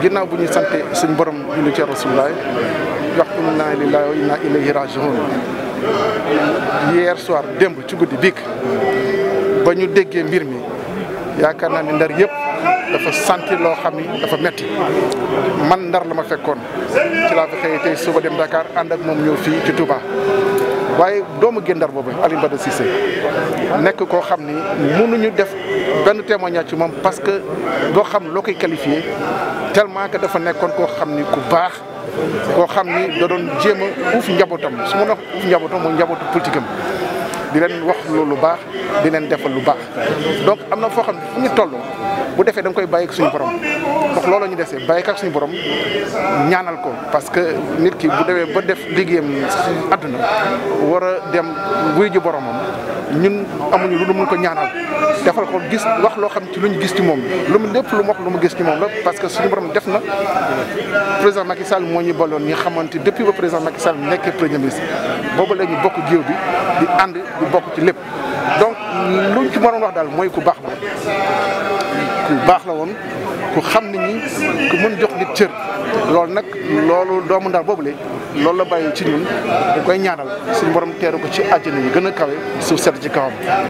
ginnaaw bu ñuy sant suñ borom julli ci rasulullaay wax inna lillahi wa inna ilayhi rajiun démb ci guddi biig ba ñu déggee mbir mi yaakaar naa ne ndar yëpp dafa santi loo xam ni dafa metti man ndar la ma fekkoon ci laa fa xëyee tey suba dem Dakar ànd ak moom ñëw fii ci Touba waaye doomu Gendar boobu Alioune Badara nekk koo xam ni mënuñu def benn témoignage ci moom parce que doo xam loo koy qualifié tellement que dafa nekkoon ko xam ni ku baax. koo xam ni da doon jéem a njabootam su ma la uuf njabootam mooy njabootu politique am di leen wax loolu baax di leen defal lu baax donc am na foo xam ne fu ñu toll bu defee da koy bàyyi ak suñu borom ndax loolu ñu desee bàyyi ak suñu borom ñaanal ko parce que nit ki bu ba def liggéeyam si àdduna war a dem wuy ji boromam ñun amuñu lu mun ko ñaanal defal ko gis wax loo xam ci lu ñu gis ci moom lu lépp lu mu wax lu mu gis ci moom la parce que suñu borom def na président Macky Sall moo ñu boloon ñi xamante depuis ba président Macky Sall nekkee premier ministre boobu la ñu bokk géew bi di ànd di bokk ci lépp donc luñ ci mënoon wax daal mooy ku baax la ku baax la woon ku xam nit ñi ku mën jox nit cër loolu nag loolu doomu boobu boobule loolu la bàyyi ci ñun dañ koy ñaanal suñu borom teeru ko ci àjjana yi gën a kawe suuf sedd ci kawam.